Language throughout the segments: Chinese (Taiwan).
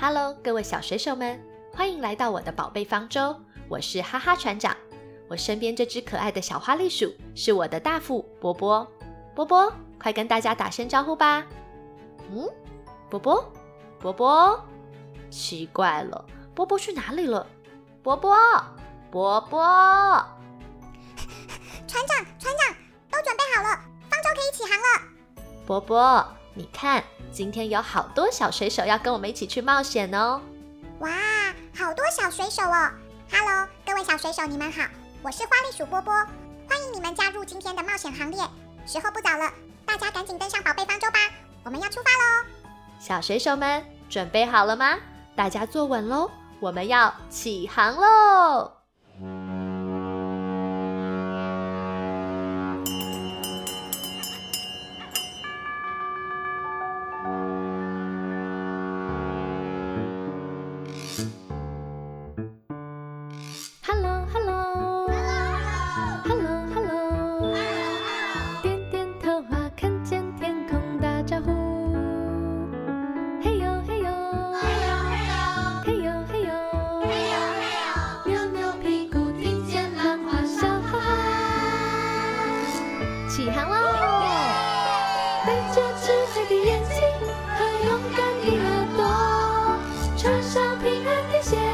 Hello，各位小水手們，歡迎來到我的寶貝方舟。我是哈哈船長，我身邊這隻可愛的小花栗鼠是我的大副波波。波波，快跟大家打聲招呼吧。嗯，波波，波波，奇怪了，波波去哪裡了？波波，波波，船長，船長，都準備好了，方舟可以起航了。波波，你看。今天有好多小水手要跟我們一起去冒險哦！哇，好多小水手哦！哈嘍，各位小水手，你們好，我是花栗鼠波波，歡迎你們加入今天的冒險行列。時候不早了，大家趕緊登上寶貝方舟吧，我們要出發嘍！小水手們，準備好了嗎？大家坐穩嘍，我們要起航嘍！耳朵，穿上平安的鞋，還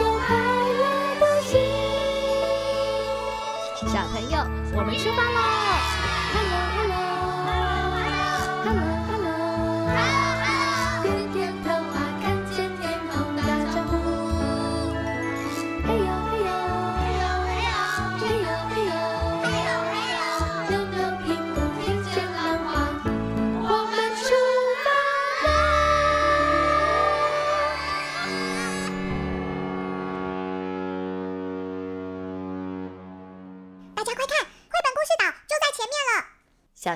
有快樂的心，小朋友，我們出發啦！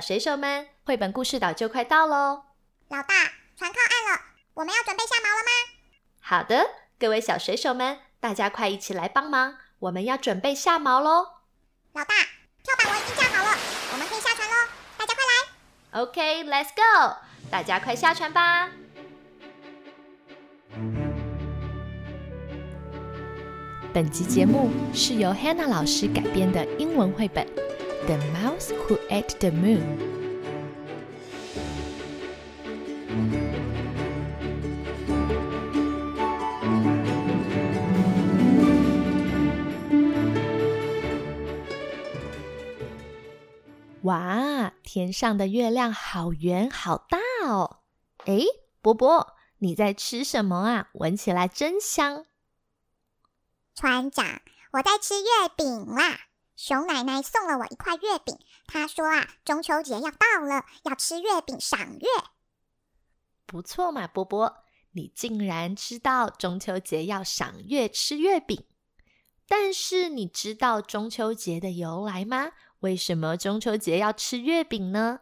小水手們，繪本故事島就快到嘍！老大，船靠岸了，我們要準備下錨了嗎？好的，各位小水手們，大家快一起來幫忙！我們要準備下錨嘍！老大，跳板我已經架好了，我們可以下船嘍！大家快來！OK，Let's go，大家快下船吧！本集節目是由 Hannah 老師改編的英文繪本。The Mouse Who Ate the Moon. 哇，天上的月亮好圓、好大哦！哎，波波，你在吃什麼啊？聞起來真香。船長，我在吃月餅啦。熊奶奶送了我一塊月餅，她說啊，中秋節要到了，要吃月餅賞月。不錯嘛，波波，你竟然知道中秋節要賞月吃月餅。但是你知道中秋節的由來嗎？為什麼中秋節要吃月餅呢？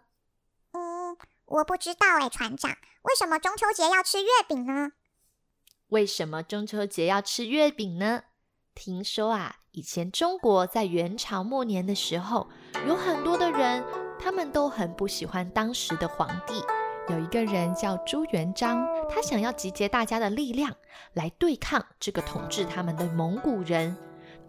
嗯，我不知道哎，船長，為什麼中秋節要吃月餅呢？為什麼中秋節要吃月餅呢？聽說啊，以前中國在元朝末年的時候，有很多的人，他們都很不喜歡當時的皇帝。有一個人叫朱元璋，他想要集結大家的力量來對抗這個統治他們的蒙古人。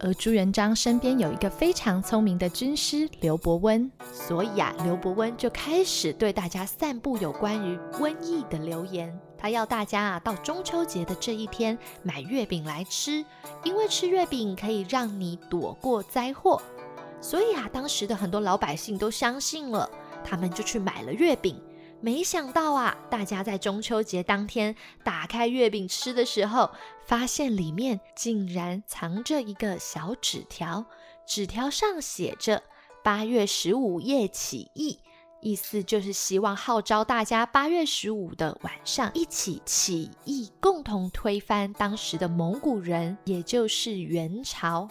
而朱元璋身邊有一個非常聰明的軍師劉伯溫，所以啊，劉伯溫就開始對大家散布有關於瘟疫的流言。還要大家啊，到中秋節的這一天買月餅來吃，因為吃月餅可以讓你躲過災禍。所以啊，當時的很多老百姓都相信了，他們就去買了月餅。沒想到啊，大家在中秋節當天打開月餅吃的時候，發現裡面竟然藏着一個小紙條，紙條上寫着“八月十五夜起義”。意思就是希望號召大家八月十五的晚上一起起義，共同推翻當時的蒙古人，也就是元朝。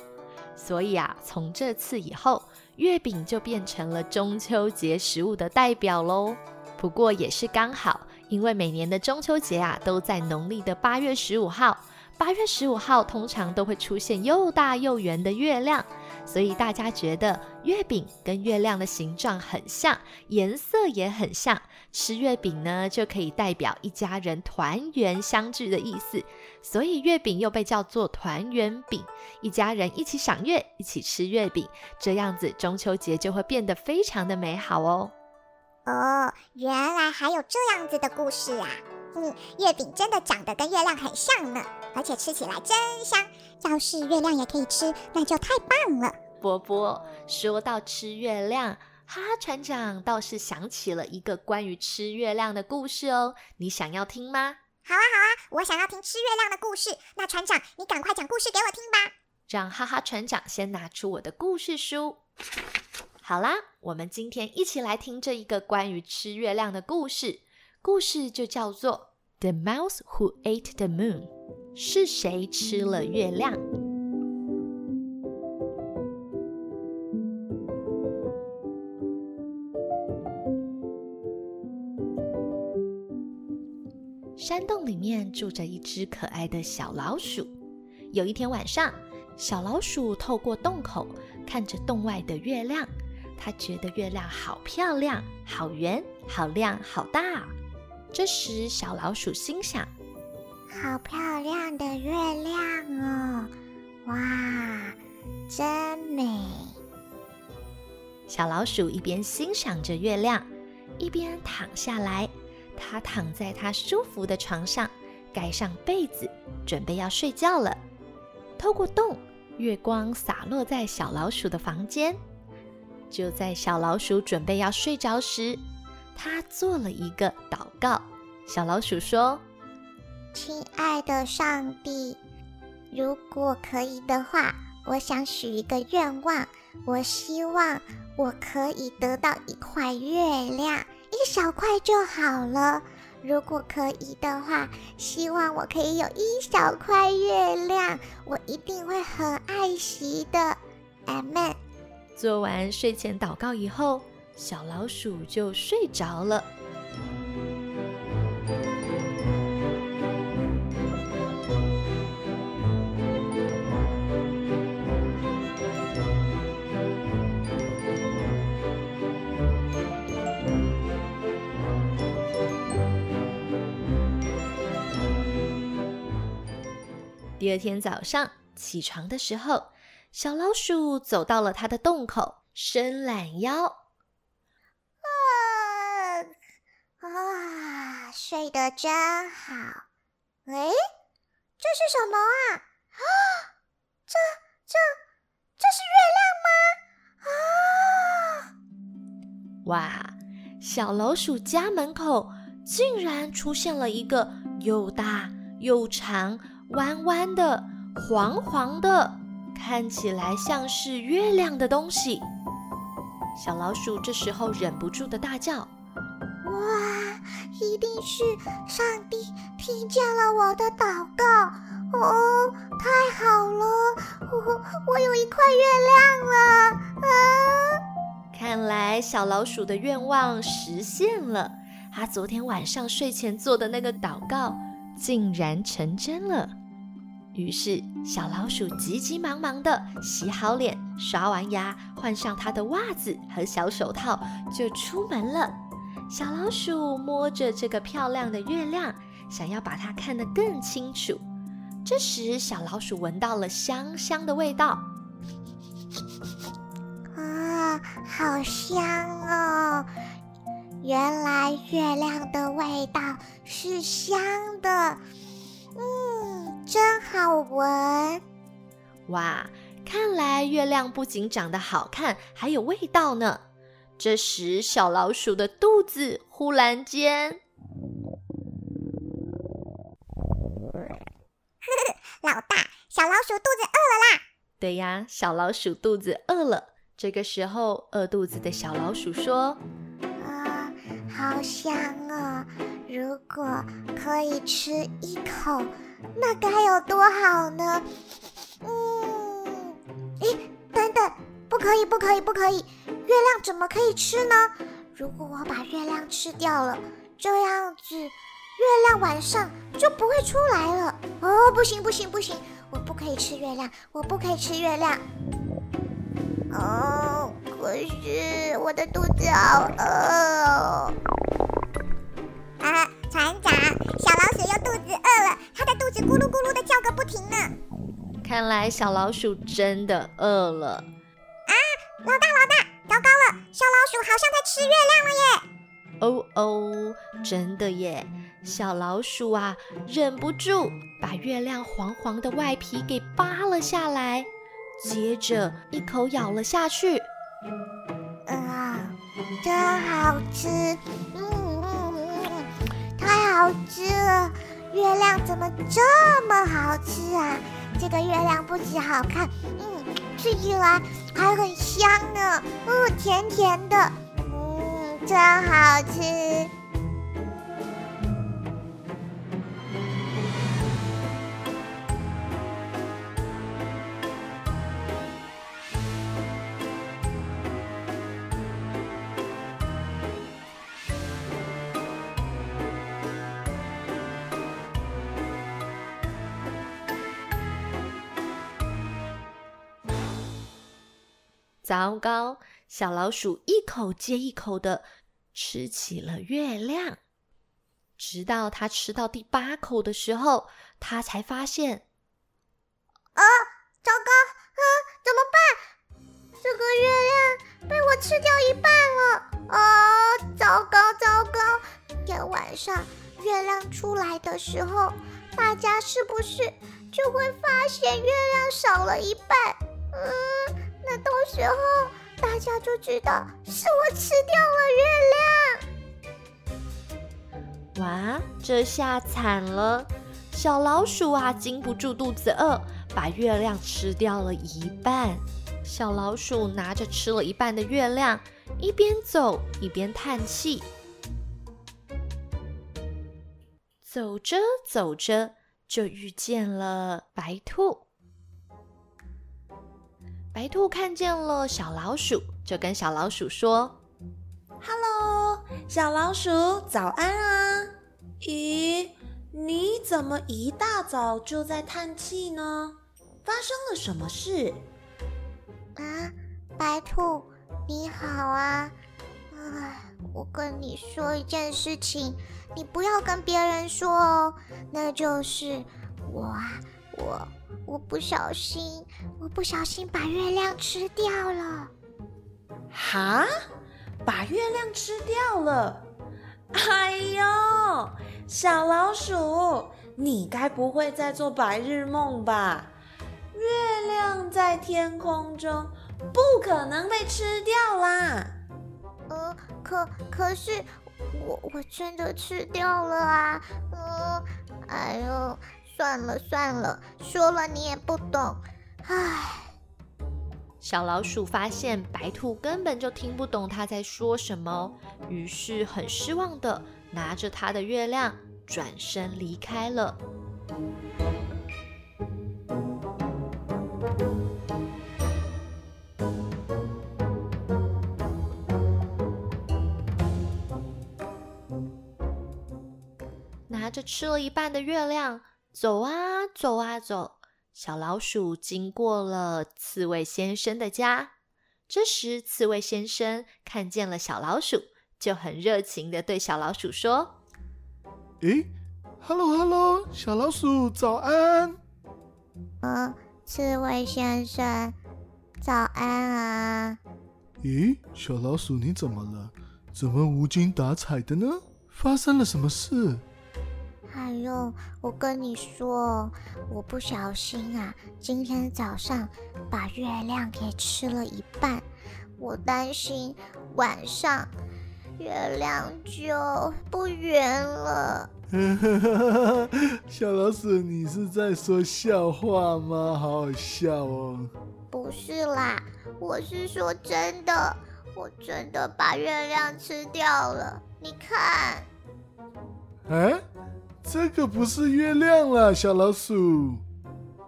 所以啊，從這次以後，月餅就變成了中秋節食物的代表嘍。不過也是剛好，因為每年的中秋節啊都在農曆的八月十五號，八月十五號通常都會出現又大又圓的月亮。所以大家覺得月餅跟月亮的形狀很像，顏色也很像，吃月餅呢就可以代表一家人團圓相聚的意思，所以月餅又被叫做團圓餅。一家人一起賞月，一起吃月餅，這樣子中秋節就會變得非常的美好哦。哦，原來還有這樣子的故事啊。嗯，月餅真的長得跟月亮很像呢，而且吃起來真香。要是月亮也可以吃，那就太棒了。波波，說到吃月亮，哈哈船長倒是想起了一個關於吃月亮的故事哦，你想要聽嗎？好啊好啊，我想要聽吃月亮的故事。那船長，你趕快講故事給我聽吧。讓哈哈船長先拿出我的故事書。好啦，我們今天一起來聽這一個關於吃月亮的故事。故事就叫做《The Mouse Who Ate the Moon》，是誰吃了月亮？山洞裡面住着一隻可愛的小老鼠。有一天晚上，小老鼠透過洞口看着洞外的月亮，它覺得月亮好漂亮，好圓，好亮，好大。這時，小老鼠心想：“好漂亮的月亮哦，哇，真美！”小老鼠一邊欣賞着月亮，一邊躺下來。它躺在它舒服的床上，蓋上被子，準備要睡覺了。透過洞，月光灑落在小老鼠的房間。就在小老鼠準備要睡着時，他做了一個禱告，小老鼠說：“親愛的上帝，如果可以的話，我想許一個願望。我希望我可以得到一塊月亮，一小塊就好了。如果可以的話，希望我可以有一小塊月亮，我一定會很愛惜的。Amen ”阿門。做完睡前禱告以後，小老鼠就睡着了。第二天早上起床的時候，小老鼠走到了它的洞口，伸懶腰。啊、哦，睡得真好！喂，這是什麼啊？啊、哦，這這這是月亮嗎？啊、哦！哇，小老鼠家門口竟然出現了一個又大又長、彎彎的、黃黃的，看起來像是月亮的東西。小老鼠這時候忍不住的大叫。哇，一定是上帝聽見了我的禱告。哦，太好了，我我有一塊月亮了啊！看來小老鼠的願望實現了，它昨天晚上睡前做的那個禱告竟然成真了。於是，小老鼠急急忙忙地洗好臉、刷完牙、換上它的襪子和小手套，就出門了。小老鼠摸着這個漂亮的月亮，想要把它看得更清楚。這時，小老鼠聞到了香香的味道，啊，好香哦！原來月亮的味道是香的，嗯，真好聞！哇，看來月亮不僅長得好看，還有味道呢。這時，小老鼠的肚子忽然間，老大小老鼠肚子餓了啦！對呀，小老鼠肚子餓了。這個時候，餓肚子的小老鼠說：“啊，好香啊！如果可以吃一口，那該有多好呢？”嗯，哎，等等，不可以，不可以，不可以。月亮怎麼可以吃呢？如果我把月亮吃掉了，這樣子月亮晚上就不會出來了。哦，不行不行不行，我不可以吃月亮，我不可以吃月亮。哦，可是我的肚子好餓哦。啊！船長，小老鼠又肚子餓了，它的肚子咕嚕咕嚕的叫個不停呢。看來小老鼠真的餓了。哦哦，oh, oh, 真的耶！小老鼠啊，忍不住把月亮黃黃的外皮給扒了下來，接着一口咬了下去。啊、呃，真好吃！嗯嗯嗯，太好吃了！月亮怎麼這麼好吃啊？這個月亮不僅好看，嗯，吃起來還很香呢、啊，哦、嗯，甜甜的。真好吃！糟糕。小老鼠一口接一口的吃起了月亮，直到它吃到第八口的時候，它才發現，啊，糟糕，嗯，怎麼辦？這個月亮被我吃掉一半了，啊，糟糕，糟糕！等晚上月亮出來的時候，大家是不是就會發現月亮少了一半？嗯，那到時候。大家就知道是我吃掉了月亮。哇，這下慘了！小老鼠啊，經不住肚子餓，把月亮吃掉了一半。小老鼠拿着吃了一半的月亮，一邊走一邊嘆氣。走着走着，就遇見了白兔。白兔看見了小老鼠，就跟小老鼠說：“Hello，小老鼠，早安啊！咦，你怎麼一大早就在嘆氣呢？發生了什麼事？”啊，白兔，你好啊！哎、呃，我跟你說一件事情，你不要跟別人說哦，那就是我，我。我不小心，我不小心把月亮吃掉了。哈！把月亮吃掉了？哎呦，小老鼠，你該不會在做白日夢吧？月亮在天空中，不可能被吃掉啦。呃，可可是，我我真的吃掉了啊。呃。算了算了，說了你也不懂，唉。小老鼠發現白兔根本就聽不懂它在說什麼，於是很失望的拿着它的月亮轉身離開了，拿着吃了一半的月亮。走啊走啊走，小老鼠經過了刺蝟先生的家。這時，刺蝟先生看見了小老鼠，就很熱情的對小老鼠說：“誒，hello hello，小老鼠，早安。”“嗯、呃，刺蝟先生，早安啊。”“咦，小老鼠，你怎麼了？怎麼無精打采的呢？發生了什麼事？”哎呦，我跟你說，我不小心啊，今天早上把月亮給吃了一半，我擔心晚上月亮就不圓了。 小老鼠，你是在說笑話嗎？好好笑哦。不是啦，我是說真的，我真的把月亮吃掉了。你看，欸這可不是月亮啦，小老鼠。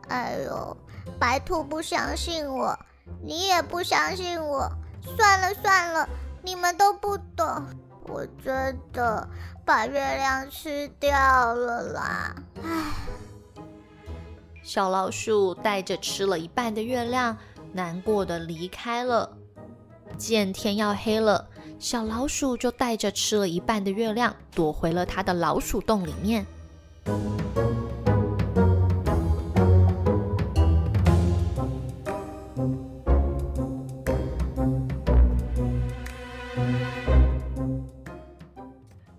哎呦，白兔不相信我，你也不相信我。算了算了，你們都不懂，我真的把月亮吃掉了啦！唉，小老鼠帶着吃了一半的月亮，難過的離開了。見天要黑了。小老鼠就帶着吃了一半的月亮，躲回了他的老鼠洞裡面。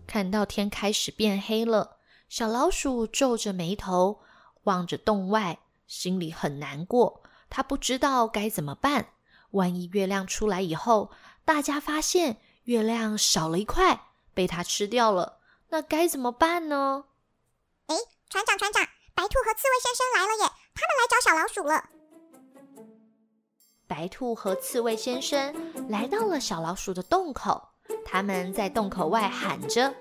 看到天開始變黑了，小老鼠皺着眉頭望着洞外，心裡很難過。他不知道該怎麼辦。萬一月亮出來以後，大家發現……月亮少了一塊，被它吃掉了。那該怎麼辦呢？誒，船長，船長，白兔和刺蝟先生來了耶！他們來找小老鼠了。白兔和刺蝟先生來到了小老鼠的洞口，他們在洞口外喊着：“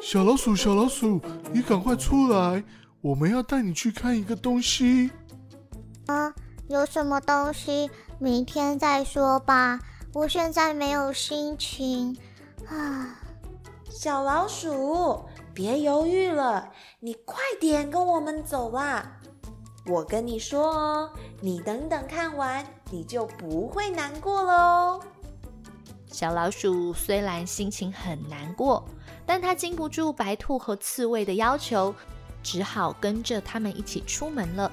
小老鼠，小老鼠，你趕快出來，我們要帶你去看一個東西。”嗯，有什麼東西？明天再說吧。我現在沒有心情啊。小老鼠，別猶豫了，你快點跟我們走吧。我跟你說哦，你等等看完，你就不會難過嘍。小老鼠雖然心情很難過，但他經不住白兔和刺蝟的要求，只好跟着他們一起出門了。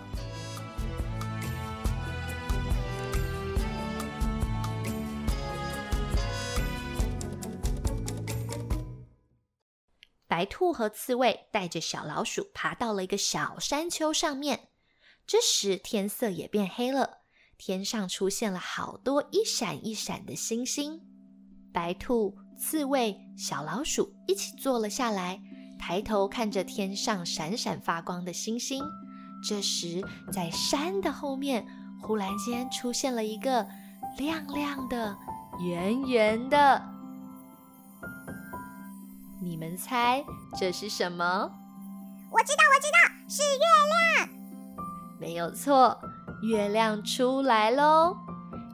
白兔和刺蝟帶着小老鼠爬到了一個小山丘上面。這時天色也變黑了，天上出現了好多一閃一閃的星星。白兔、刺蝟、小老鼠一起坐了下來，抬頭看着天上閃閃發光的星星。這時，在山的後面，忽然間出現了一個亮亮的、圓圓的。你們猜這是什麼？我知道，我知道，是月亮。沒有錯，月亮出來嘍！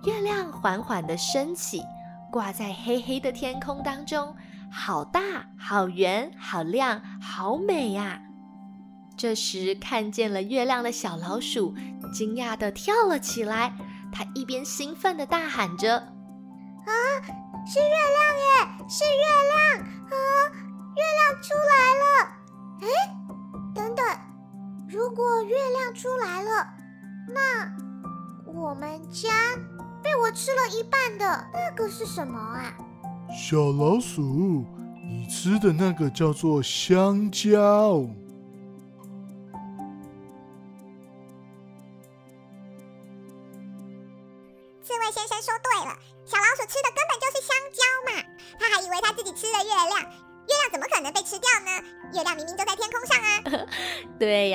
月亮緩緩地升起，掛在黑黑的天空當中，好大、好圓、好亮、好美呀、啊！這時，看見了月亮的小老鼠驚訝地跳了起來，它一邊興奮地大喊着：“啊，是月亮耶！是月亮！”啊，月亮出來了。誒，等等，如果月亮出來了，那我們家被我吃了一半的那個是什麼啊？小老鼠，你吃的那個叫做香蕉。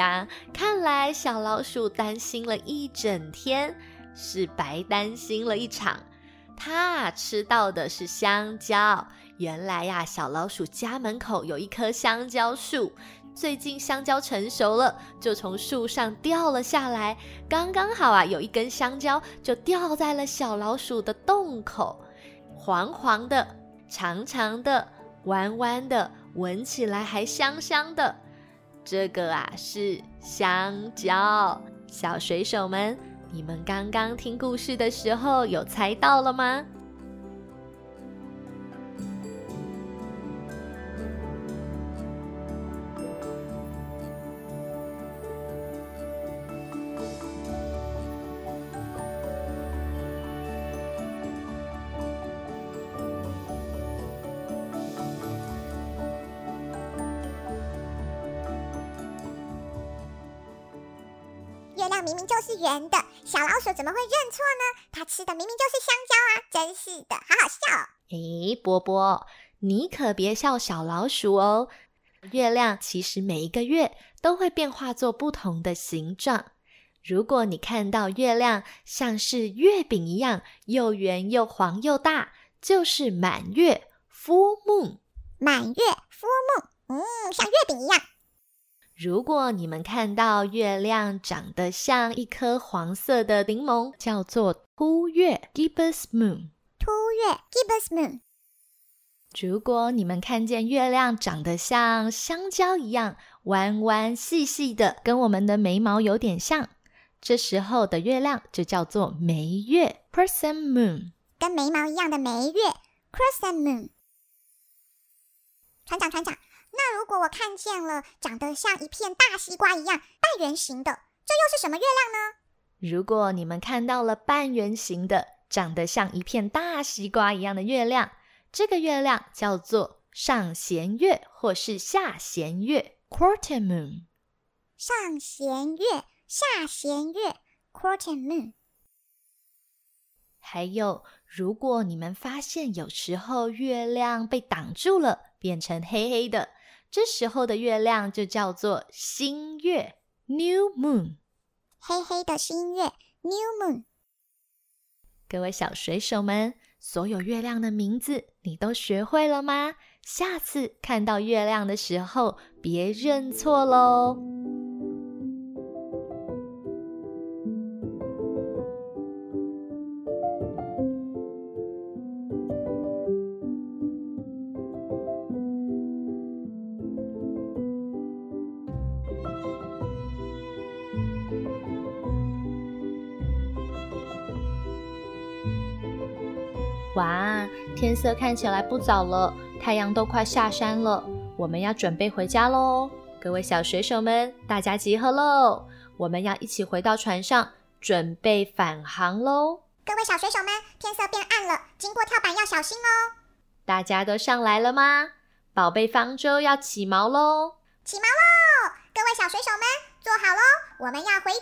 呀，看來小老鼠擔心了一整天，是白擔心了一場。它啊吃到的是香蕉。原來呀、啊，小老鼠家門口有一棵香蕉樹，最近香蕉成熟了，就從樹上掉了下來，剛剛好啊，有一根香蕉就掉在了小老鼠的洞口。黃黃的，長長的，彎彎的，聞起來還香香的。這個啊，是香蕉，小水手們，你們剛剛聽故事的時候有猜到了嗎？圓的小老鼠怎麼會認錯呢？它吃的明明就是香蕉啊！真是的，好好笑哦。誒、欸，波波，你可別笑小老鼠哦。月亮其實每一個月都會變化作不同的形狀。如果你看到月亮像是月餅一樣，又圓又黃又大，就是滿月 （full moon）。滿月 （full moon）。嗯，像月餅一樣。如果你們看到月亮長得像一顆黃色的檸檬，叫做凸月 Gibbous Moon。凸月 Gibbous Moon。 如果你們看見月亮長得像香蕉一樣彎彎細細的，跟我們的眉毛有點像，這時候的月亮就叫做眉月 Crescent Moon。跟眉毛一樣的眉月 Crescent Moon。船長，船長。如果我看見了長得像一片大西瓜一樣半圓形的，這又是什麼月亮呢？如果你們看到了半圓形的、長得像一片大西瓜一樣的月亮，這個月亮叫做上弦月或是下弦月，Quarter Moon。上弦月、下弦月，Quarter Moon。還有，如果你們發現有時候月亮被擋住了，變成黑黑的。這時候的月亮就叫做新月 （New Moon），黑黑的新月 （New Moon）。各位小水手們，所有月亮的名字你都學會了嗎？下次看到月亮的時候，別認錯嘍！天色看起來不早了，太陽都快下山了，我們要準備回家嘍！各位小水手們，大家集合嘍！我們要一起回到船上，準備返航嘍！各位小水手們，天色變暗了，經過跳板要小心哦！大家都上來了嗎？寶貝方舟要起錨嘍！起錨嘍！各位小水手們，坐好嘍！我們要回家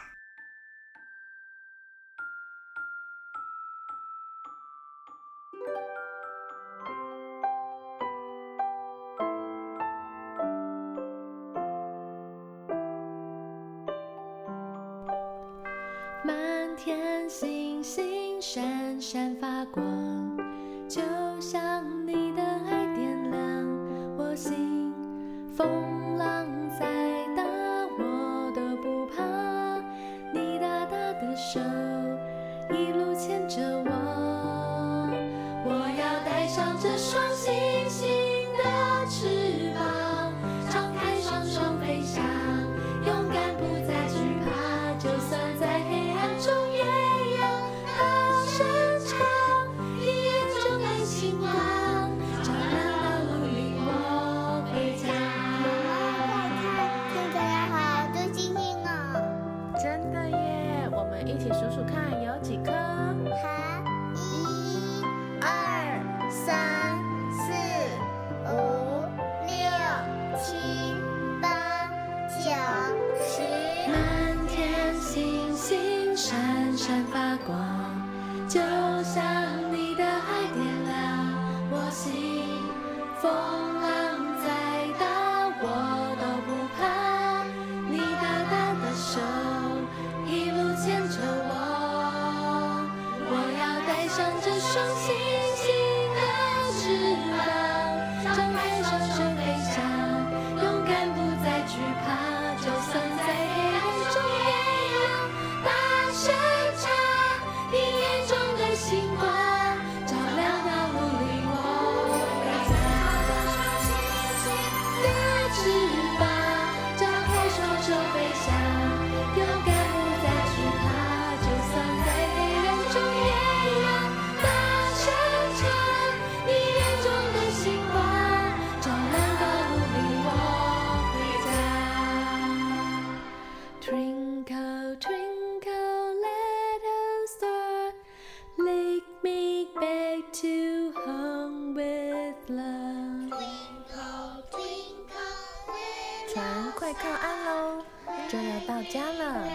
了。到家了，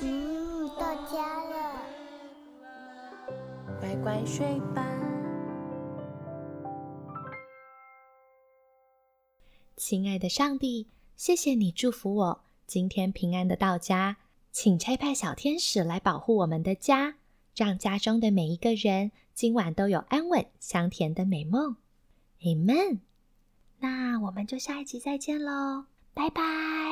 嗯，到家了，乖乖睡吧。親愛的上帝，謝謝你祝福我今天平安的到家，請差派小天使來保護我們的家，讓家中的每一個人今晚都有安穩香甜的美夢。Amen。那我們就下一集再見嘍，拜拜。